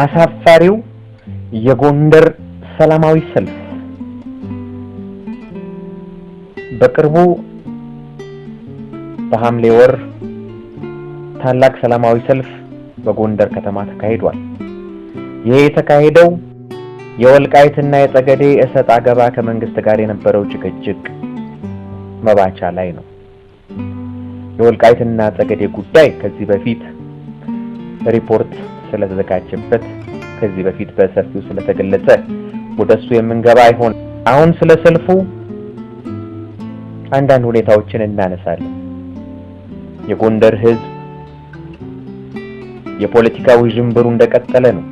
አሳፋሪው የጎንደር ሰላማዊ ሰልፍ በቅርቡ በሐምሌ ወር ታላቅ ሰላማዊ ሰልፍ በጎንደር ከተማ ተካሂዷል። ይሄ የተካሄደው የወልቃይትና የጠገዴ እሰጥ አገባ ከመንግስት ጋር የነበረው ጭቅጭቅ መባቻ ላይ ነው። የወልቃይትና ጠገዴ ጉዳይ ከዚህ በፊት ሪፖርት ስለተዘጋጀበት ከዚህ በፊት በሰፊው ስለተገለጸ ወደሱ የምንገባ አይሆን። አሁን ስለ ሰልፉ አንዳንድ ሁኔታዎችን እናነሳለን። የጎንደር ህዝብ የፖለቲካ ውዥንብሩ እንደቀጠለ ነው።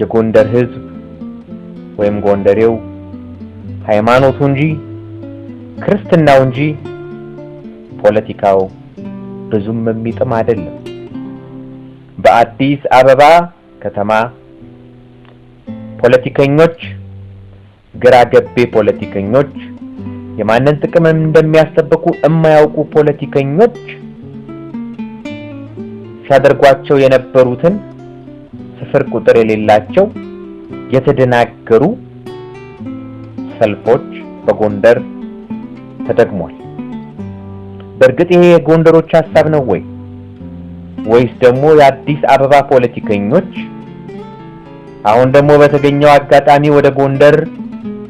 የጎንደር ህዝብ ወይም ጎንደሬው ሃይማኖቱ እንጂ ክርስትናው እንጂ ፖለቲካው ብዙም የሚጥም አይደለም። በአዲስ አበባ ከተማ ፖለቲከኞች፣ ግራ ገቤ ፖለቲከኞች፣ የማንን ጥቅም እንደሚያስጠብቁ የማያውቁ ፖለቲከኞች ሲያደርጓቸው የነበሩትን ስፍር ቁጥር የሌላቸው የተደናገሩ ሰልፎች በጎንደር ተደግሟል። በእርግጥ ይሄ የጎንደሮች ሀሳብ ነው ወይ? ወይስ ደግሞ የአዲስ አበባ ፖለቲከኞች አሁን ደግሞ በተገኘው አጋጣሚ ወደ ጎንደር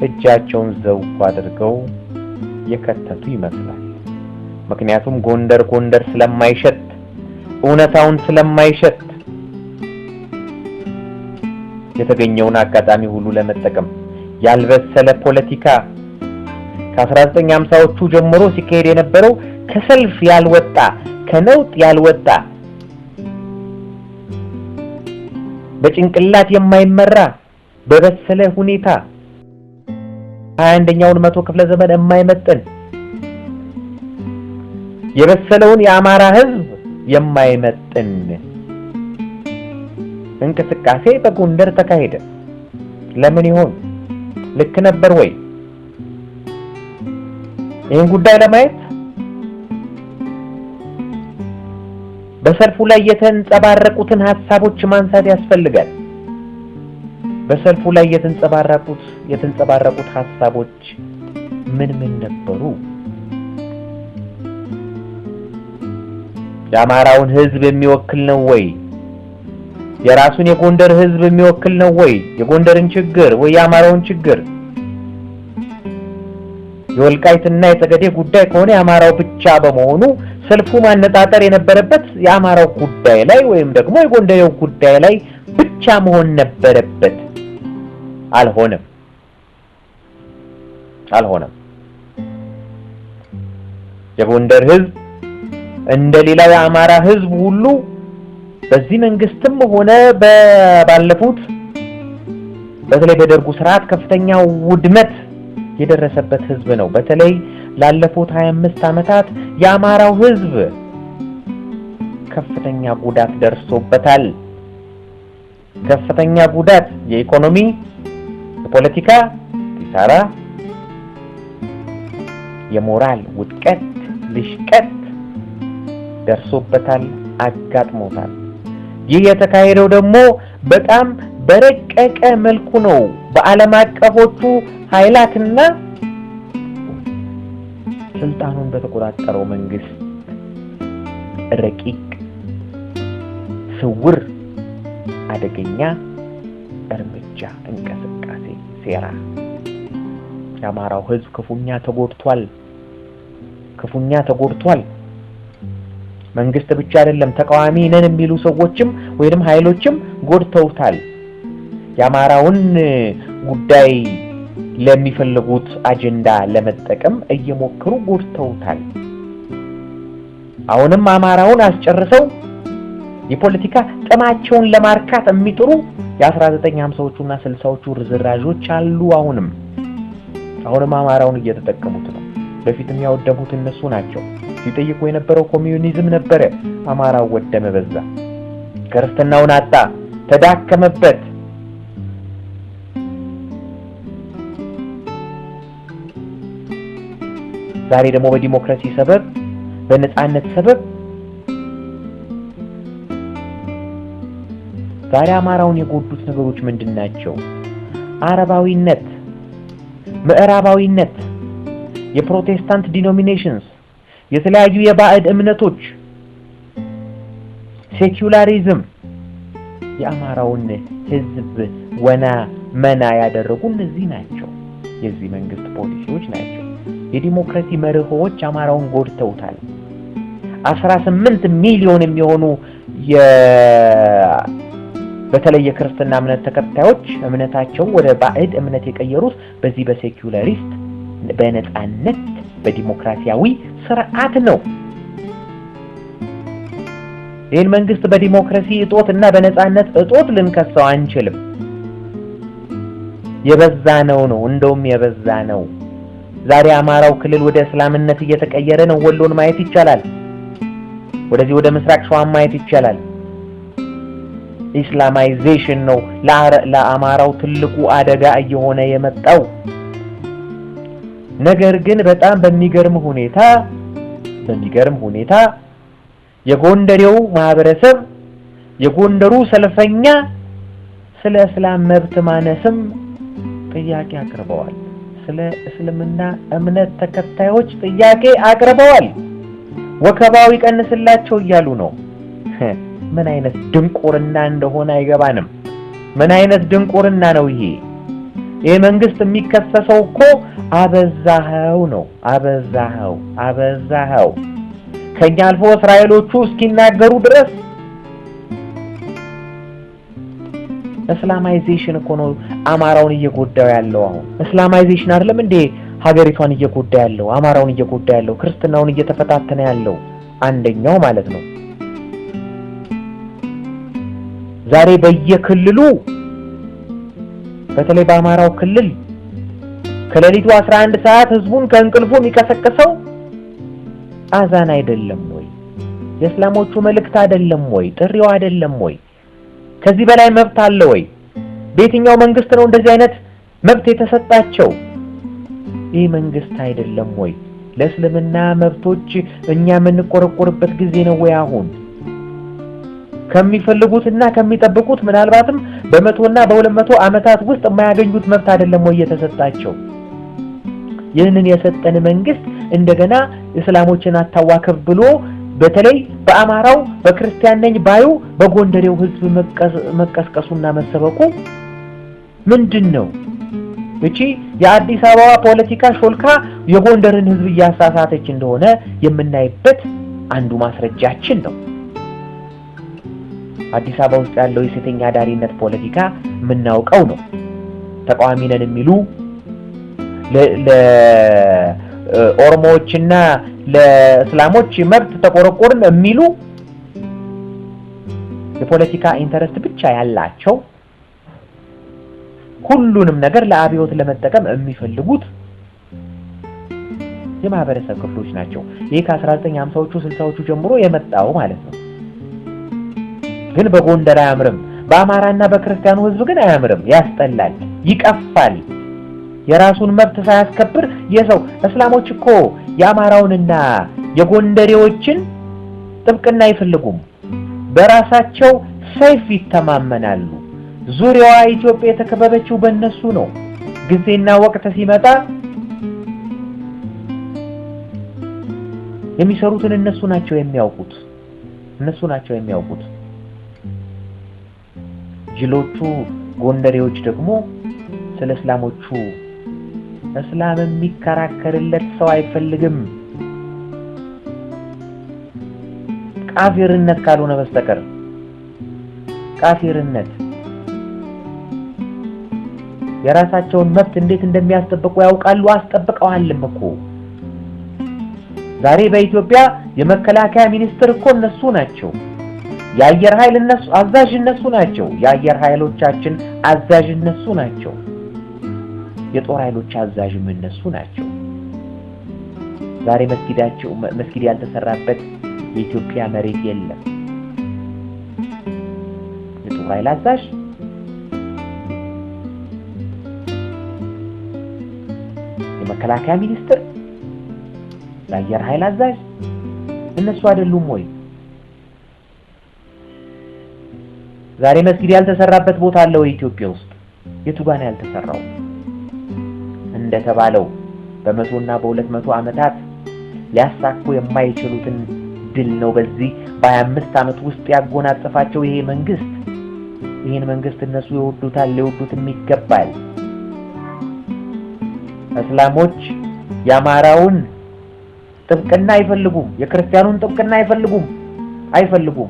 እጃቸውን ዘው አድርገው የከተቱ ይመስላል። ምክንያቱም ጎንደር ጎንደር ስለማይሸት እውነታውን ስለማይሸት የተገኘውን አጋጣሚ ሁሉ ለመጠቀም ያልበሰለ ፖለቲካ ከ1950ዎቹ ጀምሮ ሲካሄድ የነበረው ከሰልፍ ያልወጣ ከነውጥ ያልወጣ በጭንቅላት የማይመራ በበሰለ ሁኔታ ሀያ አንደኛውን መቶ ክፍለ ዘመን የማይመጥን የበሰለውን የአማራ ህዝብ የማይመጥን እንቅስቃሴ በጎንደር ተካሄደ። ለምን ይሆን? ልክ ነበር ወይ? ይህን ጉዳይ ለማየት በሰልፉ ላይ የተንጸባረቁትን ሀሳቦች ማንሳት ያስፈልጋል። በሰልፉ ላይ የተንጸባረቁት የተንጸባረቁት ሀሳቦች ምን ምን ነበሩ? የአማራውን ሕዝብ የሚወክል ነው ወይ? የራሱን የጎንደር ሕዝብ የሚወክል ነው ወይ? የጎንደርን ችግር ወይ የአማራውን ችግር? የወልቃይትና የጠገዴ ጉዳይ ከሆነ የአማራው ብቻ በመሆኑ ሰልፉ ማነጣጠር የነበረበት የአማራው ጉዳይ ላይ ወይም ደግሞ የጎንደሬው ጉዳይ ላይ ብቻ መሆን ነበረበት። አልሆነም አልሆነም። የጎንደር ህዝብ እንደ ሌላው የአማራ ህዝብ ሁሉ በዚህ መንግስትም ሆነ ባለፉት በተለይ በደርጉ ስርዓት ከፍተኛ ውድመት የደረሰበት ህዝብ ነው። በተለይ ላለፉት 25 ዓመታት የአማራው ህዝብ ከፍተኛ ጉዳት ደርሶበታል። ከፍተኛ ጉዳት የኢኮኖሚ፣ የፖለቲካ ኪሳራ፣ የሞራል ውድቀት፣ ልሽቀት ደርሶበታል፣ አጋጥሞታል። ይህ የተካሄደው ደግሞ በጣም በረቀቀ መልኩ ነው። በዓለም አቀፎቹ ኃይላትና ስልጣኑን በተቆጣጠረው መንግስት ረቂቅ፣ ስውር፣ አደገኛ እርምጃ፣ እንቅስቃሴ፣ ሴራ የአማራው ህዝብ ክፉኛ ተጎድቷል። ክፉኛ ተጎድቷል። መንግስት ብቻ አይደለም ተቃዋሚ ነን የሚሉ ሰዎችም ወይንም ኃይሎችም ጎድተውታል። የአማራውን ጉዳይ ለሚፈልጉት አጀንዳ ለመጠቀም እየሞከሩ ጎድተውታል። አሁንም አማራውን አስጨርሰው የፖለቲካ ጥማቸውን ለማርካት የሚጥሩ የ1950ዎቹና 60ዎቹ ርዝራዦች አሉ። አሁንም አሁንም አማራውን እየተጠቀሙት ነው። በፊትም ያወደሙት እነሱ ናቸው። ሲጠይቁ የነበረው ኮሚዩኒዝም ነበረ። አማራው ወደመ፣ በዛ፣ ክርስትናውን አጣ፣ ተዳከመበት። ዛሬ ደግሞ በዲሞክራሲ ሰበብ በነጻነት ሰበብ ዛሬ አማራውን የጎዱት ነገሮች ምንድን ናቸው? አረባዊነት፣ ምዕራባዊነት፣ የፕሮቴስታንት ዲኖሚኔሽንስ፣ የተለያዩ የባዕድ እምነቶች፣ ሴኩላሪዝም የአማራውን ህዝብ ወና መና ያደረጉ እነዚህ ናቸው የዚህ መንግስት ፖሊሲዎች ናቸው። የዲሞክራሲ መርሆዎች አማራውን ጎድተውታል። 18 ሚሊዮን የሚሆኑ በተለይ የክርስትና እምነት ተከታዮች እምነታቸው ወደ ባዕድ እምነት የቀየሩት በዚህ በሴኩለሪስት በነጻነት በዲሞክራሲያዊ ስርዓት ነው። ይህን መንግስት በዲሞክራሲ እጦት እና በነጻነት እጦት ልንከሰው አንችልም። የበዛ ነው ነው እንደውም የበዛ ነው። ዛሬ አማራው ክልል ወደ እስላምነት እየተቀየረ ነው። ወሎን ማየት ይቻላል። ወደዚህ ወደ ምስራቅ ሸዋን ማየት ይቻላል። ኢስላማይዜሽን ነው ለአማራው ትልቁ አደጋ እየሆነ የመጣው። ነገር ግን በጣም በሚገርም ሁኔታ በሚገርም ሁኔታ የጎንደሬው ማህበረሰብ የጎንደሩ ሰልፈኛ ስለ እስላም መብት ማነስም ጥያቄ አቅርበዋል። ስለ እስልምና እምነት ተከታዮች ጥያቄ አቅርበዋል። ወከባው ይቀንስላቸው እያሉ ነው። ምን አይነት ድንቁርና እንደሆነ አይገባንም። ምን አይነት ድንቁርና ነው ይሄ? ይህ መንግስት የሚከሰሰው እኮ አበዛኸው ነው። አበዛኸው አበዛኸው ከኛ አልፎ እስራኤሎቹ እስኪናገሩ ድረስ እስላማይዜሽን እኮ ነው አማራውን እየጎዳው ያለው አሁን እስላማይዜሽን አይደለም እንዴ ሀገሪቷን እየጎዳ ያለው አማራውን እየጎዳ ያለው ክርስትናውን እየተፈታተነ ያለው አንደኛው ማለት ነው። ዛሬ በየክልሉ በተለይ በአማራው ክልል ከሌሊቱ 11 ሰዓት ህዝቡን ከእንቅልፉ የሚቀሰቀሰው አዛን አይደለም ወይ? የእስላሞቹ መልእክት አይደለም ወይ? ጥሪው አይደለም ወይ? ከዚህ በላይ መብት አለ ወይ? በየትኛው መንግስት ነው እንደዚህ አይነት መብት የተሰጣቸው? ይህ መንግስት አይደለም ወይ? ለእስልምና መብቶች እኛ የምንቆረቆርበት ጊዜ ነው ወይ? አሁን ከሚፈልጉትና ከሚጠብቁት ምናልባትም በመቶና በሁለት መቶ ዓመታት ውስጥ የማያገኙት መብት አይደለም ወይ የተሰጣቸው? ይህንን የሰጠን መንግስት እንደገና እስላሞችን አታዋክብ ብሎ በተለይ በአማራው በክርስቲያን ነኝ ባዩ በጎንደሬው ህዝብ መቀስቀሱና መሰበቁ ምንድን ነው? እቺ የአዲስ አበባ ፖለቲካ ሾልካ የጎንደርን ህዝብ እያሳሳተች እንደሆነ የምናይበት አንዱ ማስረጃችን ነው። አዲስ አበባ ውስጥ ያለው የሴተኛ አዳሪነት ፖለቲካ የምናውቀው ነው። ተቃዋሚ ነን የሚሉ ለኦሮሞዎችና ለእስላሞች መብት ተቆረቆርን የሚሉ የፖለቲካ ኢንተረስት ብቻ ያላቸው ሁሉንም ነገር ለአብዮት ለመጠቀም የሚፈልጉት የማህበረሰብ ክፍሎች ናቸው። ይህ ከ1950ዎቹ 60ዎቹ ጀምሮ የመጣው ማለት ነው። ግን በጎንደር አያምርም። በአማራና በክርስቲያኑ ህዝብ ግን አያምርም። ያስጠላል፣ ይቀፋል። የራሱን መብት ሳያስከብር የሰው እስላሞች እኮ የአማራውንና የጎንደሬዎችን ጥብቅና አይፈልጉም። በራሳቸው ሰይፍ ይተማመናሉ። ዙሪያዋ ኢትዮጵያ የተከበበችው በእነሱ ነው። ጊዜና ወቅት ሲመጣ የሚሰሩትን እነሱ ናቸው የሚያውቁት። እነሱ ናቸው የሚያውቁት። ጅሎቹ ጎንደሬዎች ደግሞ ስለ እስላሞቹ እስላም የሚከራከርለት ሰው አይፈልግም ቃፊርነት ካልሆነ በስተቀር ቃፊርነት የራሳቸውን መብት እንዴት እንደሚያስጠብቁ ያውቃሉ፣ አስጠብቀዋልም እኮ። ዛሬ በኢትዮጵያ የመከላከያ ሚኒስትር እኮ እነሱ ናቸው። የአየር ኃይል እነሱ አዛዥ እነሱ ናቸው። የአየር ኃይሎቻችን አዛዥ እነሱ ናቸው። የጦር ኃይሎች አዛዥም እነሱ ናቸው። ዛሬ መስጊዳቸው መስጊድ ያልተሰራበት የኢትዮጵያ መሬት የለም። የጦር ኃይል አዛዥ መከላከያ ሚኒስትር፣ የአየር ኃይል አዛዥ እነሱ አይደሉም ወይ? ዛሬ መስጊድ ያልተሰራበት ቦታ አለ ወይ ኢትዮጵያ ውስጥ? የቱጋን ያልተሰራው? እንደተባለው በመቶና በሁለት መቶ ዓመታት ሊያሳኩ የማይችሉትን ድል ነው በዚህ በአምስት አመት ዓመት ውስጥ ያጎናጸፋቸው ይሄ መንግስት። ይህን መንግስት እነሱ ይወዱታል፣ ሊወዱትም ይገባል። እስላሞች የአማራውን ጥብቅና አይፈልጉም፣ የክርስቲያኑን ጥብቅና አይፈልጉም አይፈልጉም።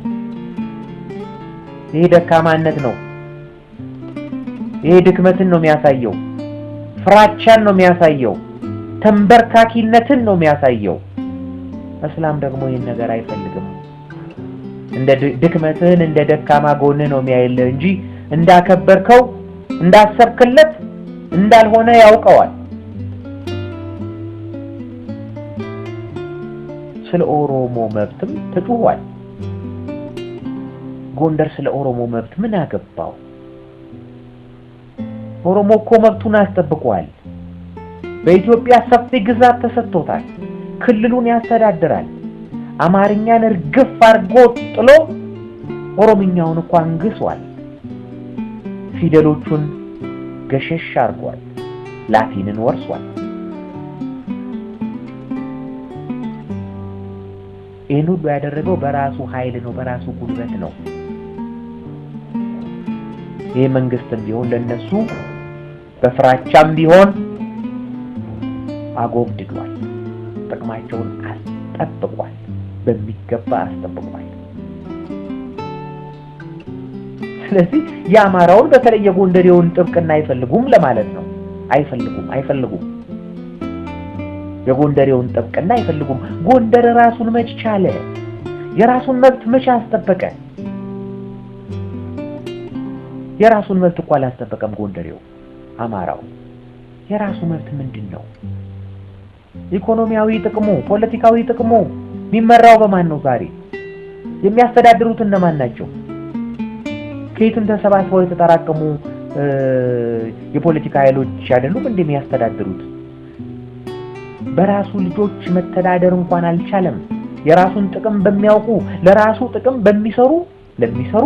ይህ ደካማነት ነው። ይህ ድክመትን ነው የሚያሳየው። ፍራቻን ነው የሚያሳየው። ተንበርካኪነትን ነው የሚያሳየው። እስላም ደግሞ ይህን ነገር አይፈልግም። እንደ ድክመትህን እንደ ደካማ ጎን ነው የሚያየልህ እንጂ እንዳከበርከው እንዳሰብክለት እንዳልሆነ ያውቀዋል። ስለ ኦሮሞ መብትም ተጩኋል። ጎንደር ስለ ኦሮሞ መብት ምን አገባው? ኦሮሞ እኮ መብቱን አስጠብቋል። በኢትዮጵያ ሰፊ ግዛት ተሰጥቶታል። ክልሉን ያስተዳድራል። አማርኛን እርግፍ አድርጎ ጥሎ ኦሮምኛውን እኮ አንግሷል። ፊደሎቹን ገሸሽ አድርጓል። ላቲንን ወርሷል። ይህን ሁሉ ያደረገው በራሱ ኃይል ነው፣ በራሱ ጉልበት ነው። ይህ መንግስትም ቢሆን ለነሱ በፍራቻም ቢሆን አጎብድዷል፣ ጥቅማቸውን አስጠብቋል፣ በሚገባ አስጠብቋል። ስለዚህ የአማራውን በተለይ የጎንደሬውን ጥብቅና አይፈልጉም ለማለት ነው። አይፈልጉም አይፈልጉም የጎንደሬውን ጥብቅና አይፈልጉም። ጎንደር ራሱን መች ቻለ? የራሱን መብት መቼ አስጠበቀ? የራሱን መብት እኮ አላስጠበቀም። ጎንደሬው አማራው የራሱ መብት ምንድን ነው? ኢኮኖሚያዊ ጥቅሙ፣ ፖለቲካዊ ጥቅሙ የሚመራው በማን ነው? ዛሬ የሚያስተዳድሩት እነማን ናቸው? ከየትም ተሰባስበው የተጠራቀሙ የፖለቲካ ኃይሎች አይደሉም እንደሚያስተዳድሩት በራሱ ልጆች መተዳደር እንኳን አልቻለም። የራሱን ጥቅም በሚያውቁ ለራሱ ጥቅም በሚሰሩ ለሚሰሩ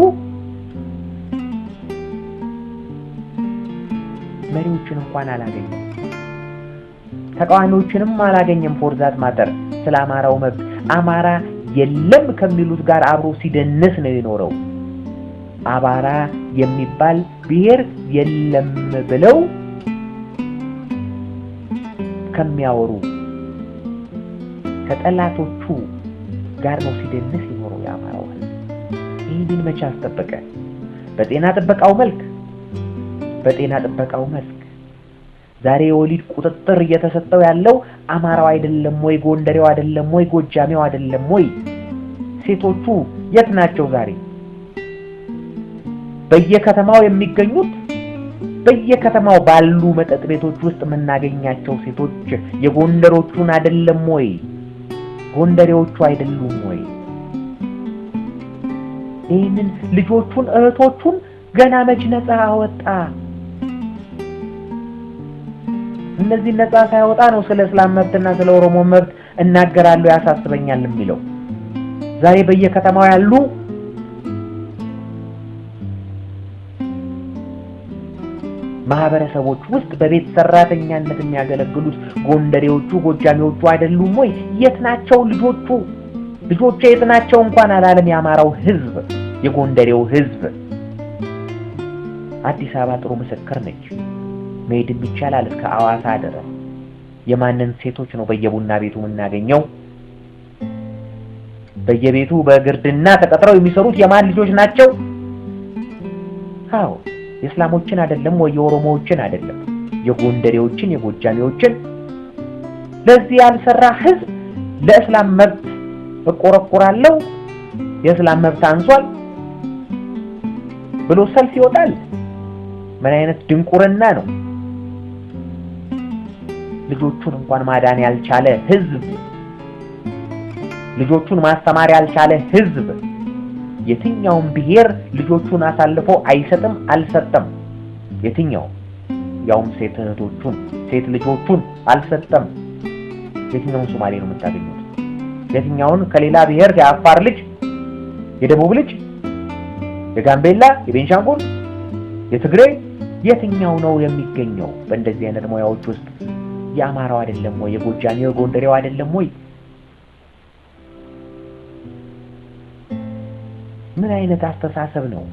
መሪዎችን እንኳን አላገኘም። ተቃዋሚዎችንም አላገኘም። ፎርዛት ማጠር ስለ አማራው መብት አማራ የለም ከሚሉት ጋር አብሮ ሲደንስ ነው የኖረው። አባራ የሚባል ብሔር የለም ብለው ከሚያወሩ ከጠላቶቹ ጋር ነው ሲደንስ ይኖሩ የአማራው ህዝብ። ይህንን መቼ አስጠበቀ? በጤና ጥበቃው መልክ በጤና ጥበቃው መስክ ዛሬ የወሊድ ቁጥጥር እየተሰጠው ያለው አማራው አይደለም ወይ? ጎንደሬው አይደለም ወይ? ጎጃሜው አይደለም ወይ? ሴቶቹ የት ናቸው ዛሬ? በየከተማው የሚገኙት በየከተማው ባሉ መጠጥ ቤቶች ውስጥ የምናገኛቸው ሴቶች የጎንደሮቹን አይደለም ወይ? ጎንደሬዎቹ አይደሉም ወይ? ይህንን ልጆቹን እህቶቹን ገና መች ነፃ አወጣ? እነዚህ ነፃ ሳያወጣ ነው ስለ እስላም መብትና ስለ ኦሮሞ መብት እናገራለሁ ያሳስበኛል የሚለው ዛሬ በየከተማው ያሉ ማህበረሰቦች ውስጥ በቤት ሰራተኛነት የሚያገለግሉት ጎንደሬዎቹ፣ ጎጃሜዎቹ አይደሉም ወይ? የት ናቸው ልጆቹ? ልጆቹ የት ናቸው እንኳን አላለም የአማራው ህዝብ፣ የጎንደሬው ህዝብ። አዲስ አበባ ጥሩ ምስክር ነች። መሄድም ይቻላል እስከ አዋሳ ድረስ። የማንን ሴቶች ነው በየቡና ቤቱ የምናገኘው? በየቤቱ በግርድና ተቀጥረው የሚሰሩት የማን ልጆች ናቸው? አዎ የእስላሞችን አይደለም ወይ የኦሮሞዎችን አይደለም፣ የጎንደሬዎችን፣ የጎጃሜዎችን ለዚህ ያልሰራ ህዝብ ለእስላም መብት እቆረቆራለሁ የእስላም መብት አንሷል ብሎ ሰልፍ ይወጣል። ምን አይነት ድንቁርና ነው! ልጆቹን እንኳን ማዳን ያልቻለ ህዝብ፣ ልጆቹን ማስተማር ያልቻለ ህዝብ የትኛውም ብሔር ልጆቹን አሳልፎ አይሰጥም አልሰጠም። የትኛው ያውም ሴት እህቶቹን ሴት ልጆቹን አልሰጠም። የትኛውን ሶማሌ ነው የምታገኙት? የትኛውን ከሌላ ብሔር የአፋር ልጅ፣ የደቡብ ልጅ፣ የጋምቤላ፣ የቤንሻንጉል፣ የትግሬ የትኛው ነው የሚገኘው? በእንደዚህ አይነት ሙያዎች ውስጥ የአማራው አይደለም ወይ? የጎጃሜው የጎንደሬው አይደለም ወይ? ምን አይነት አስተሳሰብ ነው?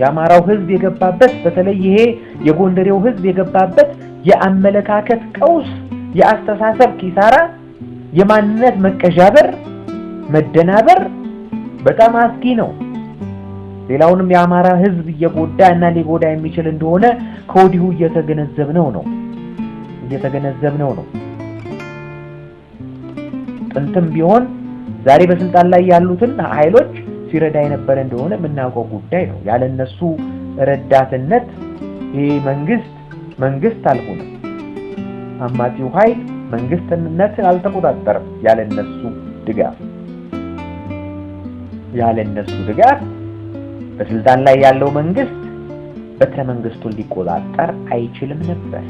የአማራው ህዝብ የገባበት በተለይ ይሄ የጎንደሬው ህዝብ የገባበት የአመለካከት ቀውስ፣ የአስተሳሰብ ኪሳራ፣ የማንነት መቀዣበር፣ መደናበር በጣም አስጊ ነው። ሌላውንም የአማራ ህዝብ እየጎዳ እና ሊጎዳ የሚችል እንደሆነ ከወዲሁ እየተገነዘብነው ነው እየተገነዘብነው ነው። ጥንትም ቢሆን ዛሬ በስልጣን ላይ ያሉትን ኃይሎች ሲረዳ የነበረ እንደሆነ የምናውቀው ጉዳይ ነው። ያለ እነሱ ረዳትነት ይህ መንግስት መንግስት አልሆነም። አማጺው ኃይል መንግስትነት አልተቆጣጠረም። ያለ እነሱ ድጋፍ ያለ እነሱ ድጋፍ በስልጣን ላይ ያለው መንግስት በትረ መንግስቱን ሊቆጣጠር አይችልም ነበር።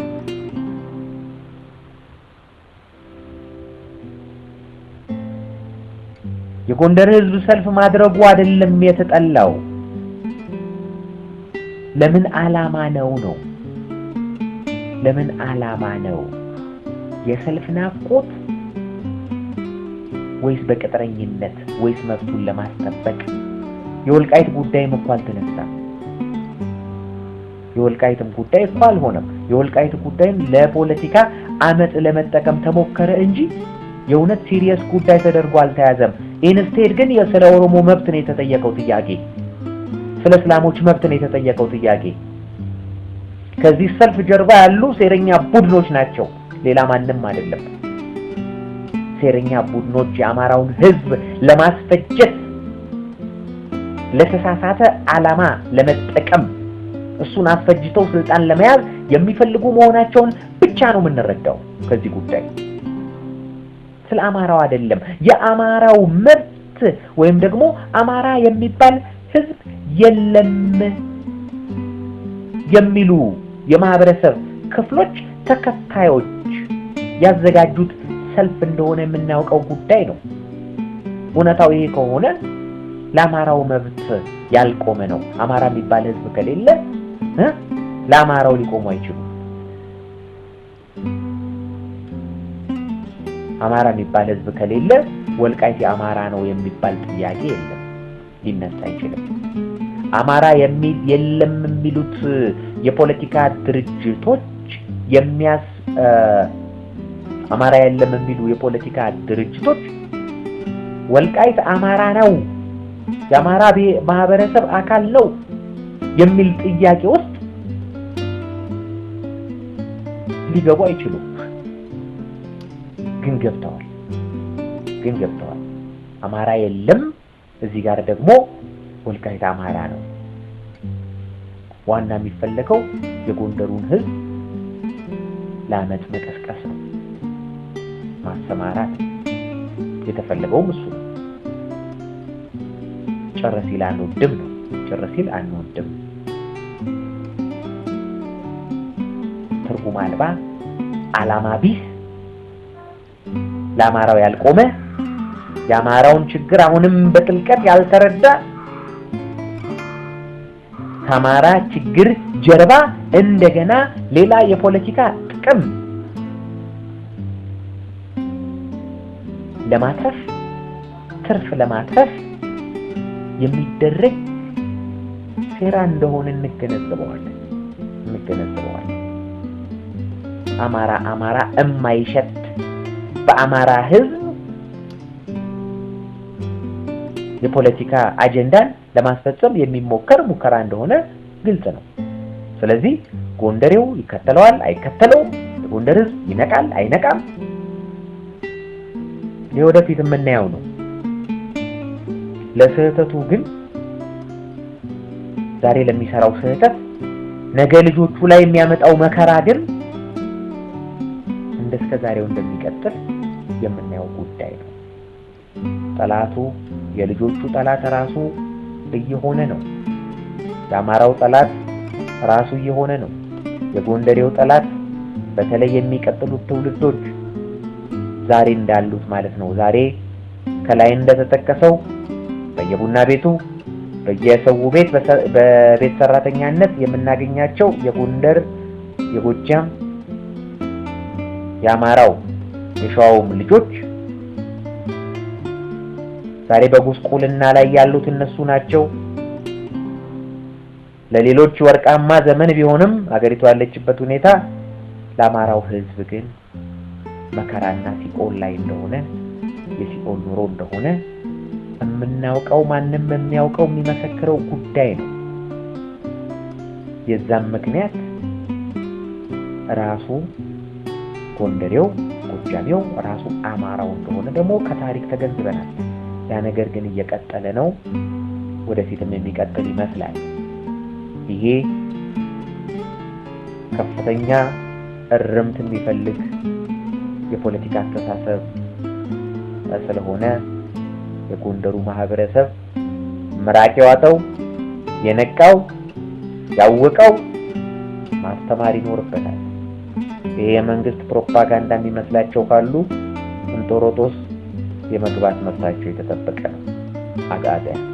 የጎንደር ህዝብ ሰልፍ ማድረጉ አይደለም የተጠላው፣ ለምን ዓላማ ነው ነው ለምን ዓላማ ነው? የሰልፍ ናፍቆት ወይስ በቅጥረኝነት ወይስ መብቱን ለማስጠበቅ? የወልቃይት ጉዳይም እኮ አልተነሳም። የወልቃይትም ጉዳይ እኮ አልሆነም። የወልቃይት ጉዳይም ለፖለቲካ አመጽ ለመጠቀም ተሞከረ እንጂ የእውነት ሲሪየስ ጉዳይ ተደርጎ አልተያዘም። ኢንስቴድ ግን ስለ ኦሮሞ መብት ነው የተጠየቀው ጥያቄ፣ ስለ እስላሞች መብት ነው የተጠየቀው ጥያቄ። ከዚህ ሰልፍ ጀርባ ያሉ ሴረኛ ቡድኖች ናቸው፣ ሌላ ማንም አይደለም። ሴረኛ ቡድኖች የአማራውን ህዝብ ለማስፈጀት ለተሳሳተ ዓላማ ለመጠቀም እሱን አስፈጅተው ስልጣን ለመያዝ የሚፈልጉ መሆናቸውን ብቻ ነው የምንረዳው ከዚህ ጉዳይ። ስለ አማራው አይደለም። የአማራው መብት ወይም ደግሞ አማራ የሚባል ህዝብ የለም የሚሉ የማህበረሰብ ክፍሎች ተከታዮች ያዘጋጁት ሰልፍ እንደሆነ የምናውቀው ጉዳይ ነው። እውነታው ይሄ ከሆነ ለአማራው መብት ያልቆመ ነው። አማራ የሚባል ህዝብ ከሌለ ለአማራው ሊቆሙ አይችሉም። አማራ የሚባል ህዝብ ከሌለ ወልቃይት የአማራ ነው የሚባል ጥያቄ የለም፣ ሊነሳ አይችልም። አማራ የሚል የለም የሚሉት የፖለቲካ ድርጅቶች የሚያስ አማራ የለም የሚሉ የፖለቲካ ድርጅቶች ወልቃይት አማራ ነው፣ የአማራ ማህበረሰብ አካል ነው የሚል ጥያቄ ውስጥ ሊገቡ አይችሉም። ግን ገብተዋል ግን ገብተዋል። አማራ የለም። እዚህ ጋር ደግሞ ወልቃይት አማራ ነው። ዋና የሚፈለገው የጎንደሩን ህዝብ ለአመት መቀስቀስ ነው፣ ማሰማራት የተፈለገውም እሱ ነው። ጨረሲል አንወድም ነው። ጨረሲል አንወድም ትርጉም አልባ አላማ ቢስ ለአማራው ያልቆመ የአማራውን ችግር አሁንም በጥልቀት ያልተረዳ ከአማራ ችግር ጀርባ እንደገና ሌላ የፖለቲካ ጥቅም ለማትረፍ ትርፍ ለማትረፍ የሚደረግ ሴራ እንደሆነ እንገነዘበዋለን እንገነዘበዋለን። አማራ አማራ እማይሸት በአማራ ህዝብ የፖለቲካ አጀንዳን ለማስፈጸም የሚሞከር ሙከራ እንደሆነ ግልጽ ነው። ስለዚህ ጎንደሬው ይከተለዋል አይከተለውም፣ የጎንደር ህዝብ ይነቃል አይነቃም፣ የወደፊት የምናየው ነው። ለስህተቱ ግን ዛሬ ለሚሰራው ስህተት ነገ ልጆቹ ላይ የሚያመጣው መከራ ግን እንደ እስከ ዛሬው እንደሚቀጥል የምናየው ጉዳይ ነው። ጠላቱ የልጆቹ ጠላት ራሱ እየሆነ ነው። የአማራው ጠላት ራሱ እየሆነ ነው። የጎንደሬው ጠላት በተለይ የሚቀጥሉት ትውልዶች ዛሬ እንዳሉት ማለት ነው። ዛሬ ከላይ እንደተጠቀሰው በየቡና ቤቱ፣ በየሰው ቤት በቤት ሰራተኛነት የምናገኛቸው የጎንደር፣ የጎጃም የአማራው የሸዋውም ልጆች ዛሬ በጉስቁልና ላይ ያሉት እነሱ ናቸው። ለሌሎች ወርቃማ ዘመን ቢሆንም አገሪቱ ያለችበት ሁኔታ ለአማራው ሕዝብ ግን መከራና ሲኦል ላይ እንደሆነ የሲኦል ኑሮ እንደሆነ የምናውቀው ማንም የሚያውቀው የሚመሰክረው ጉዳይ ነው። የዛም ምክንያት ራሱ ጎንደሬው፣ ጎጃሜው ራሱ አማራው እንደሆነ ደግሞ ከታሪክ ተገንዝበናል። ያ ነገር ግን እየቀጠለ ነው፣ ወደፊትም የሚቀጥል ይመስላል። ይሄ ከፍተኛ እርምት የሚፈልግ የፖለቲካ አስተሳሰብ ስለሆነ የጎንደሩ ማህበረሰብ ምራቅ የዋጠው የነቃው ያወቀው ማስተማር ይኖርበታል። ይሄ የመንግስት ፕሮፓጋንዳ የሚመስላቸው ካሉ እንጦሮጦስ የመግባት መብታቸው የተጠበቀ ነው። አጋጣሚ